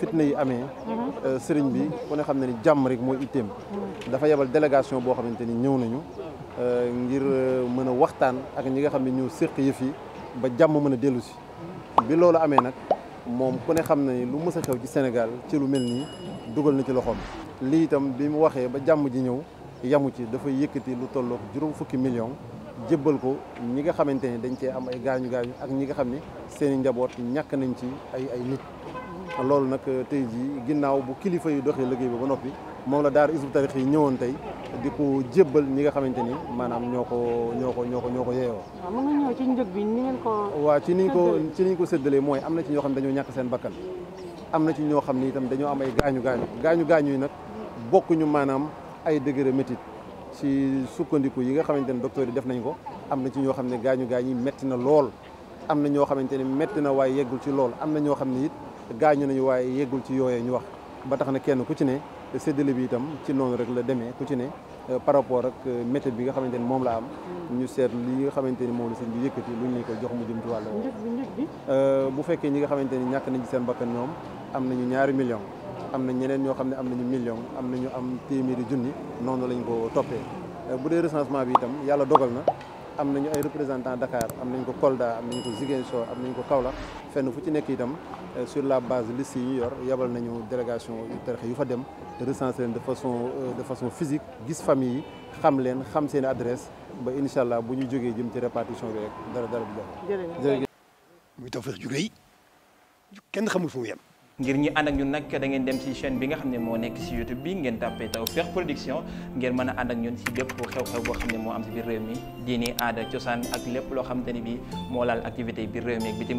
fitna yi amee mhm. euh, sëriñ bi ku ne xam ne ni jàmm rek mooy itteem mhm. dafa yebal délégation boo xamante ni ñëw nañu euh, ngir euh, mën a waxtaan ak ñi nga xam ne ñëw séq yëf yi ba jàmm mën a dellu si bi loolu amee nag moom ku ne xam na ni lu mës a xew ci senegal ci lu mel nii dugal na ci loxoom lii itam bi mu waxee ba jàmm ji ñëw yamu ci dafa yëkkati lu tollook juróom fukki million jébbal ko ñi nga xamante ni dañ cee am ay gaañu gaañu ak ñi nga xam ni seen i njaboot ñàkk nañ ci ay ay nit loolu nag euh, tey jii ginnaaw bu kilifa yu doxee liggéey bi ba noppi moom la daar Hizbut Tarqiyyah yi ñëwoon tey di ko jébbal ñi nga xamante ni maanaam ñoo ko ñoo ko ñoo ko ñëw ko. waaw ci niñ ko ci niñ ko séddalee mooy am na ci ñoo xam ne dañoo ñàkk seen bakkan am na ci ñoo xam ne itam dañoo am ay gaañu gaañu gaañu gaañu yi nag bokkuñu maanaam ay degré métit ci sukkandiku yi nga xamante ne docteur yi def nañ ko am na ci ñoo xam ne gaañu gaañ yi métti na lool am na ñoo xamante ne métti na waaye yeggul ci lool am na ñoo xam ne it gaañu nañu waaye yeggul ci yooyee ñu wax ba tax na kenn ku ci ne séddale bi itam ci noonu rek la demee ku ci ne euh, par rapport ak euh, méthode bi nga xamante ni moom laa am ñu seet li nga xamante ni moom la seen bi yëkkati lu ñu ko jox mu jëm ci wàll euh, bu fekkee ñi nga xamante ni ñàkk nañ ci seen bakkan moom am nañu ñaari million am na ñeneen ñoo xam ne am nañu million am nañu am téeméeri junni noonu lañ ko toppee bu dee recensement bi itam yàlla dogal na am nañu ay représentant Dakar am nañ ko Kolda am nañ ko Ziguinchor am nañ ko Kaolack fenn fu ci nekk itam Euh, sur la base liste yi ñu yor yabal nañu délégation tarixa yu fa dem recenser leen de façon euh, façon physique gis famille yi xam leen xam seen adresse ba incha allah bu ñu jógee jëm ci répartition bi rek dara dara du jërëjëf muy Tawfekh jugee kenn xamul fu mu yem. ngir ñi ànd ak ñun nag da ngeen dem ci chaine bi nga xam ne moo nekk si YouTube bi ngeen tàppee Tawfekh Production ngeen mën a ànd ak ñun ci bépp xew-xew boo xam ne moo am ci biir réew mi diini aada cosaan ak lépp loo xamante ni bi moo laal activité biir réew mi ak bitim